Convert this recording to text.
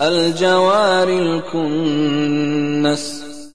الجوار الكنس